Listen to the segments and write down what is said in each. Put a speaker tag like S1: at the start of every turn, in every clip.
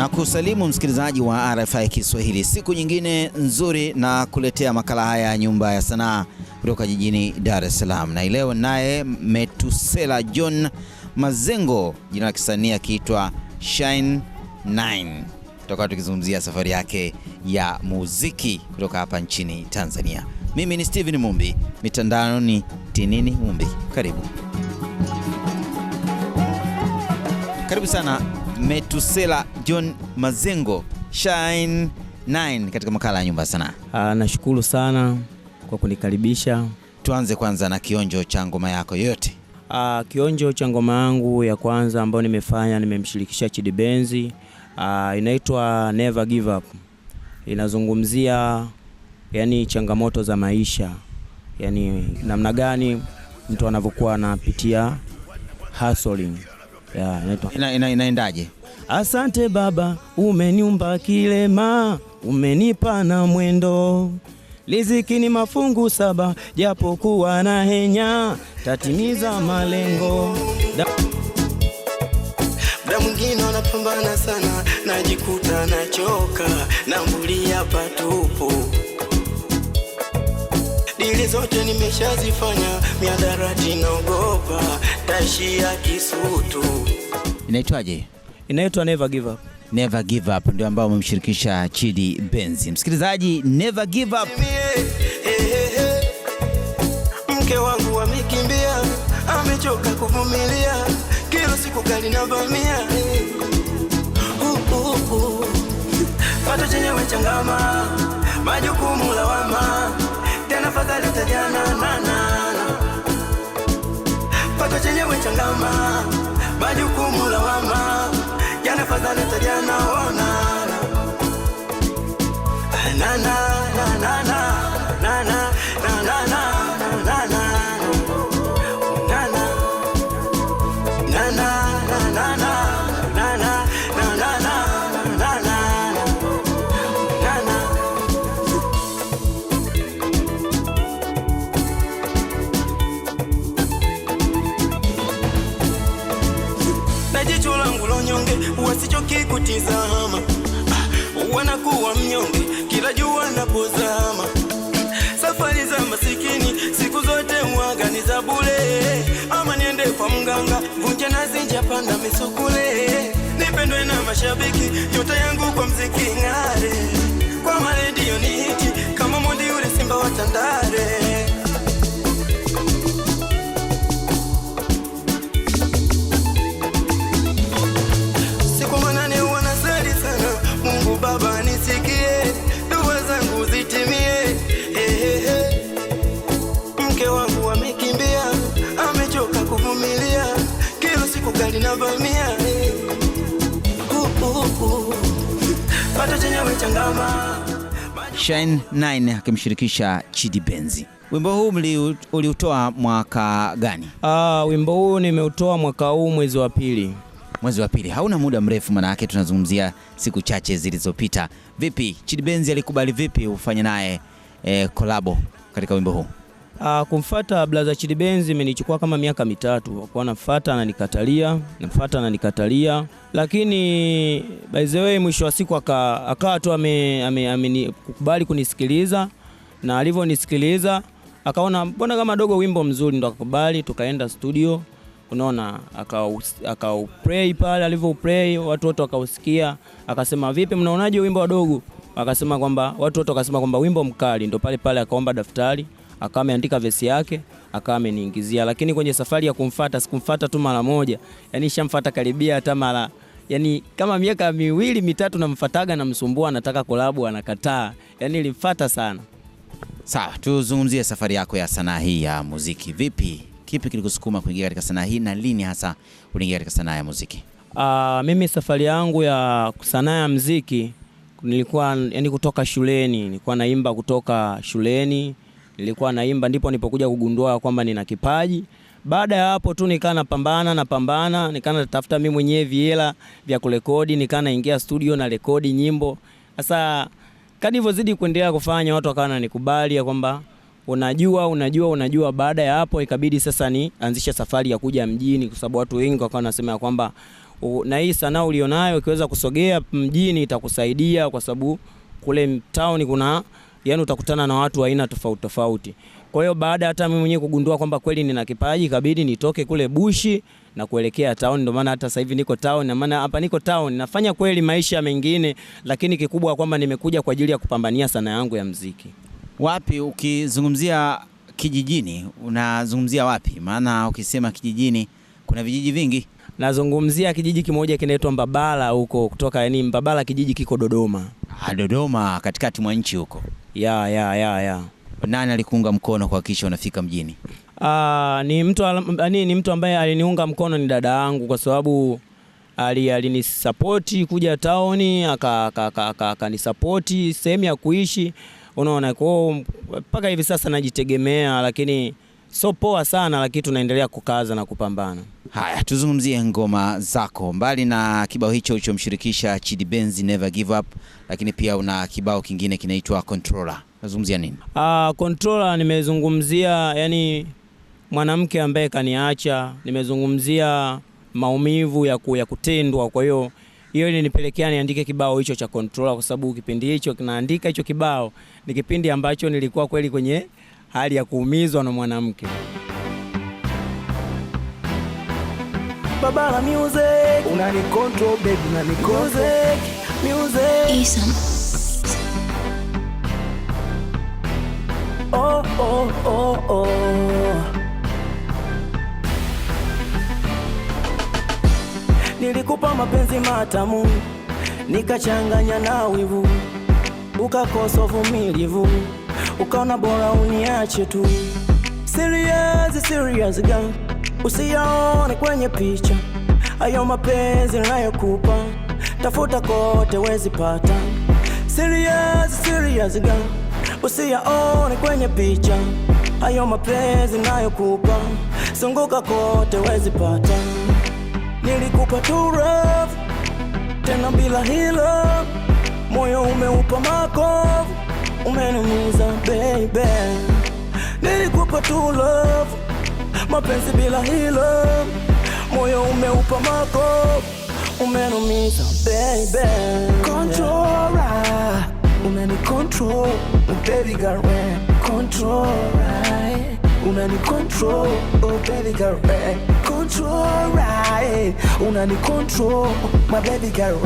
S1: na kusalimu msikilizaji wa RFI Kiswahili, siku nyingine nzuri na kuletea makala haya ya Nyumba ya Sanaa kutoka jijini Dar es Salaam, na leo naye Metusela John Mazengo, jina la kisanii akiitwa Shine 9. Tutakuwa tukizungumzia safari yake ya muziki kutoka hapa nchini Tanzania. Mimi ni Steven Mumbi, mitandao ni Tinini Mumbi. Karibu karibu sana Metusela John Mazengo Shine 9 katika makala ya nyumba ya sanaa.
S2: Ah, nashukuru sana kwa kunikaribisha.
S1: Tuanze kwanza na kionjo cha ngoma yako yoyote.
S2: Ah, kionjo cha ngoma yangu ya kwanza ambayo nimefanya nimemshirikisha Chidi Benzi ah, inaitwa Never Give Up. Inazungumzia yani changamoto za maisha, yani namna gani mtu anavyokuwa anapitia hustling inaendaje? Asante Baba, umeniumba kilema, umenipa na mwendo Liziki ni mafungu saba, japo kuwa na henya, tatimiza malengo.
S3: Mda mwingine wanapambana sana, najikuta nachoka, nambulia patupu siri zote nimeshazifanya, miadarati naogopa taishia kisutu.
S1: Inaitwaje?
S2: Inaitwa Never Give Up.
S1: Never Give Up ndio ambao umemshirikisha Chidi Benzi. Msikilizaji, Never Give Up. Eh, eh,
S3: eh, Mke wangu amekimbia, amechoka kuvumilia, kila siku gari navamia uh, uh, uh. watu chenye wechangama majukumu lawama kule ama niende kwa mganga, vunja nazi njapanda misukule, nipendwe na mashabiki, nyota yangu kwa mziki ng'are, kwa maredio
S1: ni hiti kama mondi ule Simba wa Tandale. Nisikie dua zangu zitimie, amekimbia, amechoka kuvumilia, kila siku gari na vamia uh, uh, uh, pato chenyewe changama Shine 9 akimshirikisha Chidi Benzi. Wimbo huu uliutoa mwaka gani?
S2: Ah, wimbo huu nimeutoa mwaka huu mwezi wa pili.
S1: Mwezi wa pili, hauna muda mrefu, maana yake tunazungumzia siku chache zilizopita. Vipi Chidi Benzi alikubali vipi ufanye naye eh, kolabo katika wimbo huu?
S2: Uh, kumfuata Blaza Chidi Benz imenichukua kama miaka mitatu, kwa nafuata ananikatalia, nafuata nikatalia, lakini by the way mwisho wa siku akawa tu amekubali kunisikiliza, na alivyonisikiliza akaona mbona kama dogo wimbo mzuri, ndo akakubali, tukaenda studio, unaona, akauplay pale, alivyouplay watu wote wakausikia, akasema vipi, mnaonaje wimbo wa dogo? Akasema kwamba watu wote wakasema kwamba wimbo mkali, ndo pale pale akaomba daftari akawa ameandika vesi yake akawa ameniingizia, lakini kwenye safari ya kumfata sikumfata tu mara moja, yani shamfata karibia hata mara yani kama miaka miwili mitatu namfataga, namsumbua, anataka kolabu anakataa, yani nilimfata sana.
S1: Sawa, tuzungumzie safari yako ya sanaa hii ya muziki. Vipi, kipi kilikusukuma kuingia katika sanaa hii na lini hasa uliingia katika sanaa ya muziki?
S2: Uh, mimi safari yangu ya sanaa ya muziki nilikuwa yani kutoka shuleni, nilikuwa naimba kutoka shuleni nilikuwa naimba, ndipo nilipokuja kugundua kwamba nina kipaji. Baada ya hapo tu nikaa napambana napambana, nikaa natafuta mimi mwenyewe vihela vya kurekodi, nikaa naingia studio na rekodi nyimbo. Sasa kadri zidi kuendelea kufanya, watu wakawa wananikubali ya kwamba unajua unajua unajua. Baada ya hapo ikabidi sasa nianzishe safari ya kuja mjini, kwa sababu watu wengi wakawa nasema kwamba na hii sanaa ulionayo ikiweza kusogea mjini itakusaidia, kwa sababu kule town kuna yani utakutana na watu aina tofauti tofauti. Kwa hiyo baada hata mimi mwenyewe kugundua kwamba kweli nina kipaji, kabidi nitoke kule bushi na kuelekea town. Ndio maana hata sasa hivi niko town, na maana hapa niko town nafanya kweli maisha mengine, lakini kikubwa kwamba nimekuja kwa ajili ya kupambania sana yangu ya mziki.
S1: Wapi ukizungumzia kijijini unazungumzia wapi? Maana ukisema kijijini kuna vijiji vingi.
S2: Nazungumzia kijiji kimoja kinaitwa Mbabala huko kutoka, yani Mbabala kijiji kiko Dodoma.
S1: Ah, Dodoma katikati mwa nchi huko
S2: ya, ya, ya, ya.
S1: Nani alikuunga mkono kuhakikisha unafika mjini?
S2: Aa, ah, ni mtu ni, ni mtu ambaye aliniunga mkono ni dada yangu, kwa sababu alinisapoti kuja taoni, akanisapoti sehemu ya kuishi, unaona. Kwa mpaka hivi sasa najitegemea, lakini sio poa sana, lakini tunaendelea kukaza na kupambana.
S1: Haya, tuzungumzie ngoma zako. Mbali na kibao hicho ulichomshirikisha Chidi Benz Never Give Up, lakini pia una kibao kingine kinaitwa Controller. Nazungumzia nini?
S2: Uh, Controller nimezungumzia yani mwanamke ambaye kaniacha, nimezungumzia maumivu ya, ku, ya kutendwa. Kwa hiyo hiyo ilinipelekea niandike kibao hicho cha Controller, kwa sababu kipindi hicho kinaandika hicho kibao ni kipindi ambacho nilikuwa kweli kwenye hali ya kuumizwa na mwanamke. baba la music, unani control baby, unani music, music. Isam. Oh oh oh oh. Nilikupa mapenzi matamu nikachanganya na wivu, ukakosa uvumilivu, ukaona bora uniache tu. Serious, serious girl usiyaone kwenye picha, hayo mapenzi nayokupa tafuta kote wezi pata. Serious, serious girl, usiyaone kwenye picha, hayo mapenzi nayokupa sunguka kote wezi pata. Nilikupa too rough tena bila hilo,
S4: moyo umeupa makovu, umeniumiza baby. Nilikupa too love mapenzi bila hilo, moyo umeupa mako, umenumiza baby, controla unani control oh, baby girl, eh. controla unani control oh, baby girl, eh. controla eh. unani control my baby girl,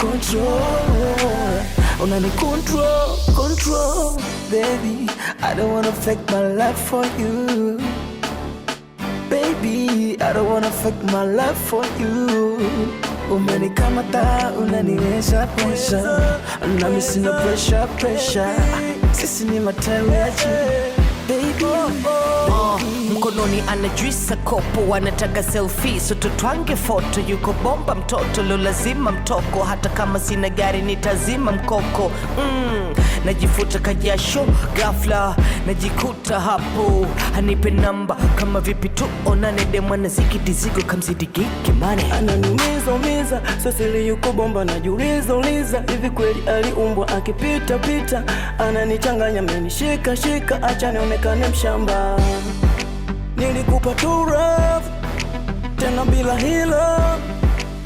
S4: controla unani control control baby, I don't wanna fake my life for you baby, I don't wanna fake my love for you. Umeni pressure, I'm not missing the pressure pressure, sisi ni matawi ya chini mkononi anajuisa kopo, wanataka selfie, so foto. Yuko bomba mtoto, lo lazima mtoko, hata kama sina gari nitazima mkoko. Mm, najifuta kajasho, gafla najikuta hapo, anipe namba kama vipi tu onane, de mwanaziki dizigo kamzidi giki umiza, sosili yuko bomba, najiuliza uliza, hivi kweli aliumbwa akipita pita, ananichanganya menishika shika, acha nionekane mshamba nilikupa tu rough tena bila hila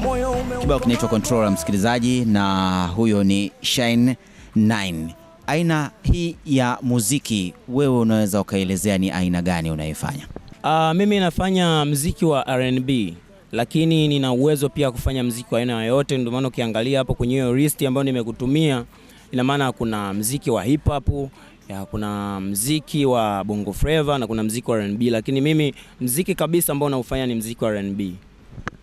S4: moyo ume.
S1: Kibao kinaitwa Controller, msikilizaji, na huyo ni Shine 9. Aina hii ya muziki wewe unaweza ukaelezea ni aina gani unaifanya?
S2: Uh, mimi nafanya mziki wa R&B lakini nina uwezo pia kufanya mziki wa aina yoyote. Ndio maana ukiangalia hapo kwenye hiyo list ambayo nimekutumia, ina maana kuna mziki wa hip hop, ya, kuna mziki wa Bongo Flava na kuna mziki wa R&B, lakini mimi mziki kabisa ambao naufanya ni mziki wa R&B,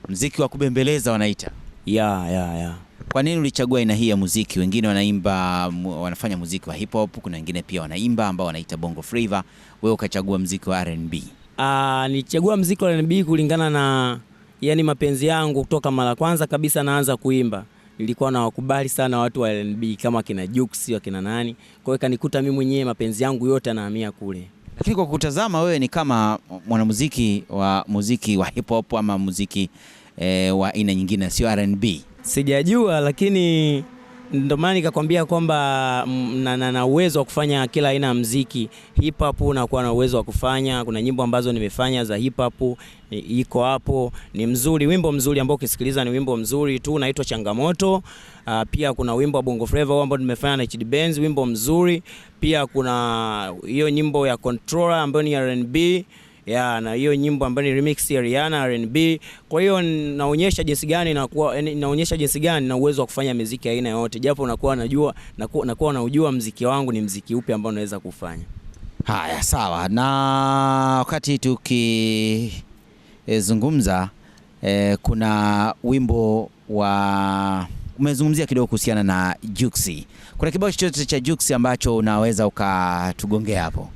S1: mziki wa kubembeleza wanaita.
S2: ya, ya, ya.
S1: Kwa nini ulichagua aina hii ya muziki? Wengine wanaimba wanafanya muziki wa hip hop, kuna wengine pia wanaimba ambao wanaita Bongo Flava, wewe ukachagua mziki wa R&B?
S2: Ah, nilichagua mziki wa R&B kulingana na yani mapenzi yangu kutoka mara kwanza kabisa naanza kuimba nilikuwa nawakubali sana watu wa RnB kama kina Jux, wakina nani, kwa hiyo kanikuta mimi mwenyewe mapenzi yangu yote anahamia kule.
S1: Lakini kwa kutazama wewe ni kama mwanamuziki wa muziki wa hip hop ama muziki eh, wa aina nyingine, sio RnB?
S2: Sijajua, lakini ndio maana nikakwambia kwamba mm, na, na, na uwezo wa kufanya kila aina ya muziki. Hip hop nakuwa na uwezo wa kufanya, kuna nyimbo ambazo nimefanya za hip hop iko hapo, ni mzuri, wimbo mzuri ambao ukisikiliza ni wimbo mzuri tu, unaitwa Changamoto. Uh, pia kuna wimbo wa Bongo Flava ambao nimefanya na HD Benz, wimbo mzuri. Pia kuna hiyo nyimbo ya Controller ambayo ni R&B ya na hiyo nyimbo ambayo ni remix ya Rihanna R&B. Kwa hiyo naonyesha jinsi gani nakuwa, naonyesha jinsi gani na uwezo wa kufanya muziki aina yote, japo nakuwa najua nakuwa, nakuwa naujua muziki wangu ni muziki upi ambao naweza kufanya.
S1: Haya, sawa. Na wakati tukizungumza e, e, kuna wimbo wa umezungumzia kidogo kuhusiana na Juksi. Kuna kibao chochote cha Juksi ambacho unaweza ukatugongea hapo?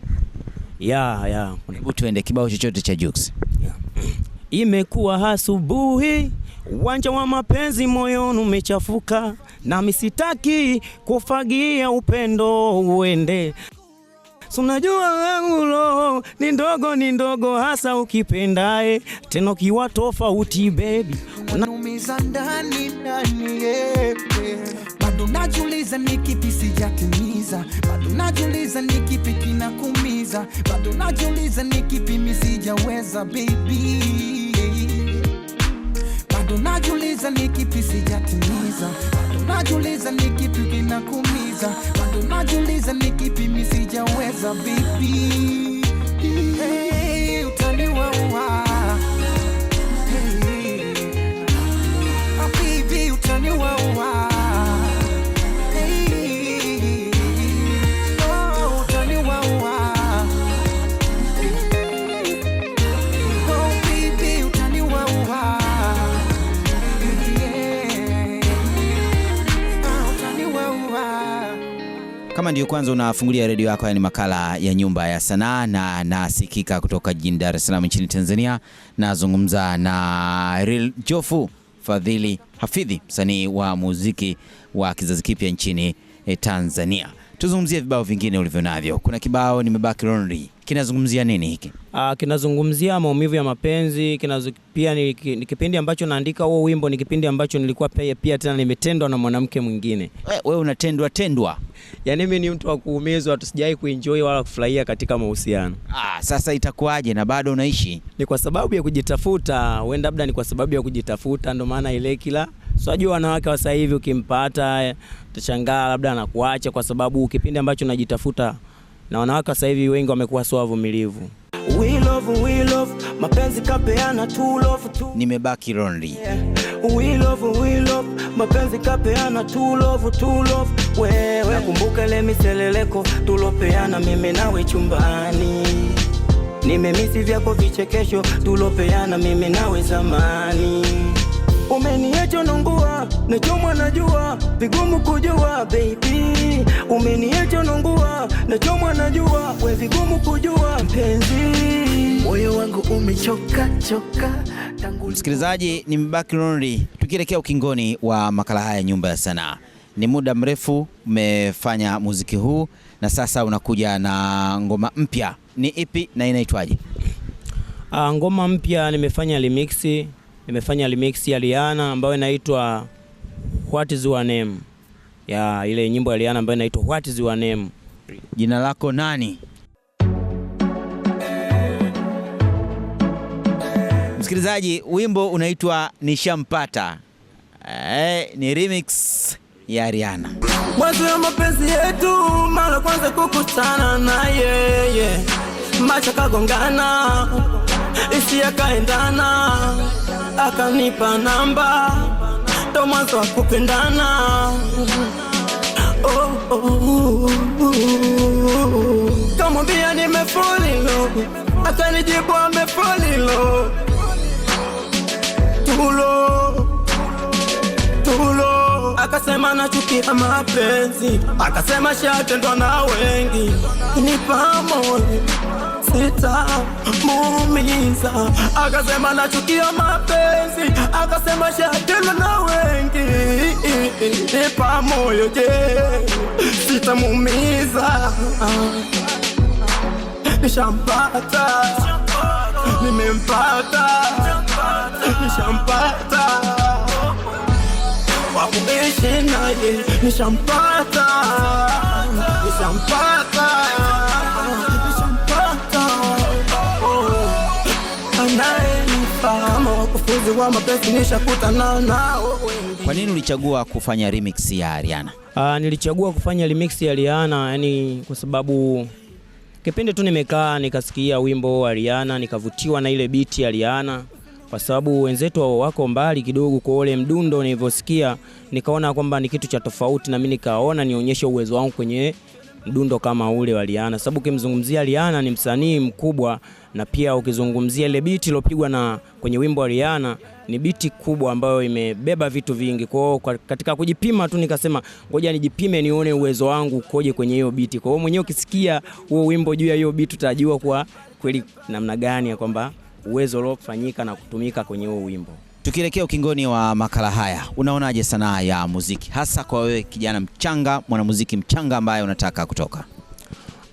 S2: ya ya,
S1: hebu tuende kibao chochote cha Jux. Yeah. Imekuwa asubuhi, uwanja wa mapenzi, moyoni umechafuka, nami sitaki kufagia upendo uende Sunajua wangu roho ni ndogo, ni ndogo hasa ukipendae, tena ukiwa tofauti baby, unaumiza ndani ndani, bado najiuliza ni kipi sijatimiza najiuliza ni kipi kinakumiza, bado najiuliza ni kipi misijaweza baby, bado najiuliza ni kipi sijatimiza, bado najiuliza ni kipi kinakumiza, bado najiuliza ni kipi misijaweza baby kwanza unafungulia redio yako, yani makala ya Nyumba ya Sanaa, na nasikika kutoka jijini Dar es Salaam nchini Tanzania. Nazungumza na Jofu Fadhili Hafidhi, msanii wa muziki wa kizazi kipya nchini eh, Tanzania. Tuzungumzie vibao vingine ulivyo navyo. Kuna kibao nimebaki lonely, kinazungumzia nini hiki?
S2: Uh, kinazungumzia maumivu ya mapenzi kinazu, pia ni, ni kipindi ambacho naandika huo wimbo, ni kipindi ambacho nilikuwa pia, pia tena nimetendwa na mwanamke mwingine.
S1: Wewe unatendwa tendwa?
S2: Yaani mimi ni mtu wa kuumizwa, tusijawahi kuenjoy wala kufurahia katika mahusiano.
S1: Ah, sasa itakuwaje na bado unaishi?
S2: Ni kwa sababu ya kujitafuta, huenda labda ni kwa sababu ya kujitafuta, ndio maana ile kila So wanawake wa sasa hivi ukimpata eh, utashangaa labda anakuacha kwa sababu kipindi ambacho unajitafuta, na wanawake wa sasa hivi wengi wamekuwa sio wavumilivu. We love, we love, mapenzi kapeana tu love tu. Nimebaki lonely. We love, we love, mapenzi kapeana tu love tu love. Wewe kumbuka ile miseleleko tulopeana mimi nawe chumbani. Nimemisi vyako vichekesho
S1: tulopeana mimi nawe zamani umeniacha nungua, nachomwa na jua, vigumu kujua baby, umeniacha nungua, nachomwa na jua, we vigumu kujua mpenzi, moyo wangu umechoka choka. Tangu msikilizaji, ni mbaki Lonely, tukielekea ukingoni wa makala haya Nyumba ya Sanaa. Ni muda mrefu umefanya muziki huu na sasa unakuja na ngoma mpya, ni ipi na inaitwaje?
S2: Uh, ngoma mpya nimefanya remix nimefanya remix ya Rihanna ambayo inaitwa What is your name, ya ile nyimbo ya Rihanna ambayo inaitwa What is your name,
S1: jina lako nani? Msikilizaji, wimbo unaitwa Nishampata. Eh, ni remix ya Rihanna. Mwanzo ya mapenzi yetu, mara kwanza kukutana na yeye, macho kagongana, isi yakaendana akanipa namba to mwanzo wa kupendana. Oh, oh, oh, oh, oh. kamwambia nimefulilo, akanijibu amefulilo tulo tulo Akasema nachukia mapenzi, akasema shatendwa na wengi, nipa sita sitamuumiza, akasema nachukia mapenzi, akasema shatenda na wengi, nipa moyo, je, sitamuumiza. Nishampata, nimempata, nishampata wakuishi naye, nishampata, nishampata wizi wa mapenzi nishakutana nao wengi. Kwa nini ulichagua kufanya remix ya Ariana?
S2: Uh, nilichagua kufanya remix ya Ariana yani kwa sababu kipindi tu nimekaa nikasikia wimbo wa Ariana nikavutiwa na ile biti ya Ariana kwa sababu wenzetu wa wako mbali kidogo, kwa ule mdundo nilivyosikia nikaona kwamba ni kitu cha tofauti, na mimi nikaona nionyeshe uwezo wangu kwenye mdundo kama ule wa Rihanna, sababu ukimzungumzia Rihanna ni msanii mkubwa, na pia ukizungumzia ile biti iliyopigwa na kwenye wimbo wa Rihanna ni biti kubwa ambayo imebeba vitu vingi. Kwa hiyo katika kujipima tu nikasema ngoja nijipime nione uwezo wangu ukoje kwenye hiyo biti. Kwa hiyo mwenyewe ukisikia huo wimbo juu ya hiyo biti utajua kwa kweli namna gani ya kwamba uwezo uliofanyika na kutumika kwenye huo wimbo.
S1: Tukielekea ukingoni wa makala haya, unaonaje sanaa ya muziki hasa kwa wewe kijana mchanga, mwanamuziki mchanga ambaye unataka kutoka?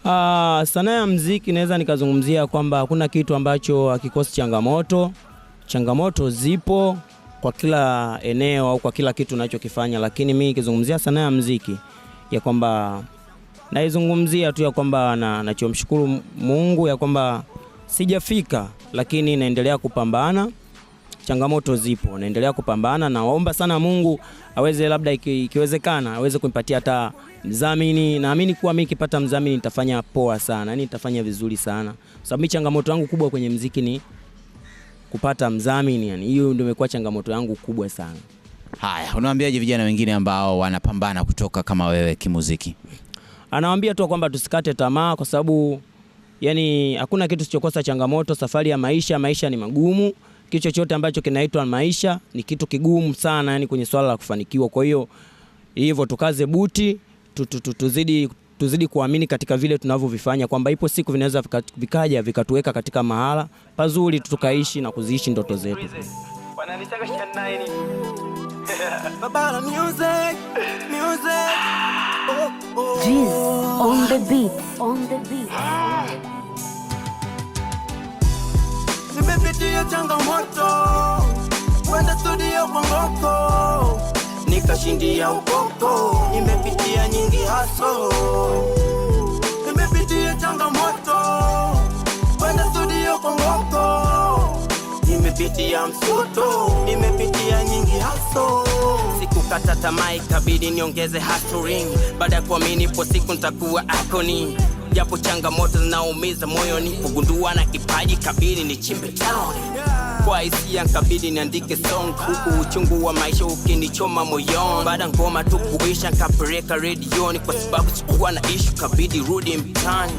S2: Uh, sanaa ya muziki naweza nikazungumzia kwamba hakuna kitu ambacho hakikosi changamoto. Changamoto zipo kwa kila eneo au kwa kila kitu unachokifanya, lakini mi nikizungumzia sanaa ya muziki ya kwamba naizungumzia tu ya kwamba nachomshukuru na Mungu ya kwamba sijafika, lakini naendelea kupambana changamoto zipo, naendelea kupambana na waomba sana Mungu aweze labda iki, ikiwezekana aweze kunipatia hata mzamini. Naamini kuwa mimi nikipata mzamini nitafanya poa sana, yani nitafanya vizuri sana, sababu mimi changamoto yangu kubwa kwenye mziki ni kupata mzamini, yani hiyo ndio imekuwa changamoto yangu kubwa sana.
S1: Haya, unawaambiaje vijana wengine ambao wanapambana kutoka kama wewe kimuziki?
S2: Anawaambia tu kwamba tusikate tamaa kwa sababu yani hakuna kitu sichokosa changamoto. Safari ya maisha, maisha ni magumu kitu chochote ambacho kinaitwa maisha ni kitu kigumu sana, yani kwenye swala la kufanikiwa. Kwa hiyo hivyo tukaze buti, tuzidi tuzidi kuamini katika vile tunavyovifanya kwamba ipo siku vinaweza vikaja vikatuweka katika mahala pazuri tukaishi na kuziishi ndoto zetu. On the beat, on the beat nimepitia changamoto, kwenda studio kwa ngoko, nikashindia ukoko, nimepitia nyingi haso, nimepitia changamoto, kwenda studio kwa ngoko, nimepitia msuto, nimepitia nyingi haso sikukata tamaa, ikabidi niongeze hustling, baada ya kuamini po siku nitakuwa iconic japo changamoto zinaumiza moyoni, kugundua na kipaji kabidi ni chimbe town kwa hisia kabidi niandike song, huku uchungu wa maisha ukinichoma moyoni. Baada ngoma tu kuisha kapeleka redioni, kwa sababu sikuwa na ishu kabidi rudi mtani.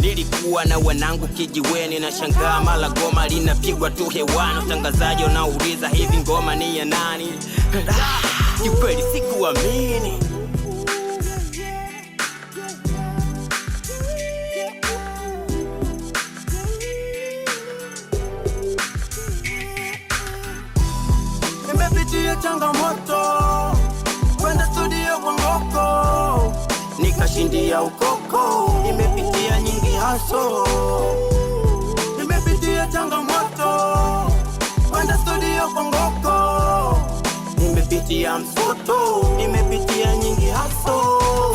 S2: Nilikuwa na wanangu kijiweni, na shangaa mala goma linapigwa tu hewani, utangazaji unauliza hivi ngoma ni ya nani? Kikweli sikuamini
S1: mashindi ya ukoko, nimepitia nyingi haso, nimepitia changamoto, kwenda studio kongoko nimepitia msoto, nimepitia nyingi haso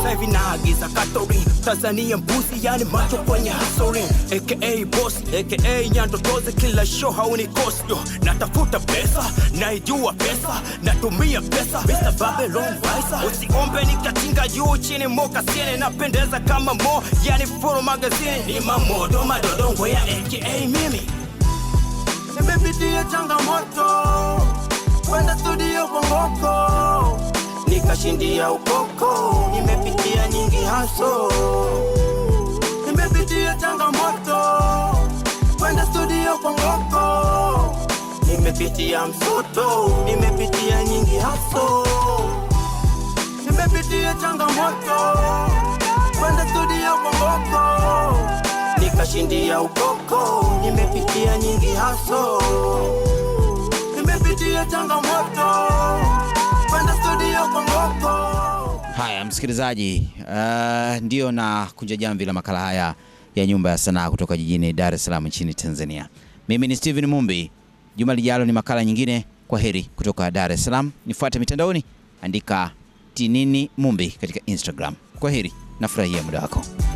S1: sahivi naagiza katori Tanzania mbuzi, yani macho kwenye hasori, aka bos aka nyandotoze, kila show haunikosi. Yo, natafuta pesa, naijua pesa, natumia pesa, Mr Babylon Vice. Usiombe nikatinga juu chini, mokasini napendeza kama mo, yani furu magazini ni mamodo madodongo ya aka mimi, nimepitia changamoto kwenda studi ndio kongoko nikashindia ukoko, nimepitia nyingi haso, nimepitia changamoto kwenda studio kongoko, nimepitia msoto, nimepitia nyingi haso, nimepitia changamoto kwenda studio kongoko, nikashindia ukoko, nimepitia nyingi haso changamoto, kwenda studio kwa moto. Haya msikilizaji, uh, ndio na kunja jamvi la makala haya ya Nyumba ya Sanaa kutoka jijini Dar es Salaam nchini Tanzania. Mimi ni Steven Mumbi. Juma lijalo ni makala nyingine. Kwa heri kutoka Dar es Salaam. Nifuate mitandaoni, andika tinini Mumbi katika Instagram. Kwa heri, nafurahia muda wako.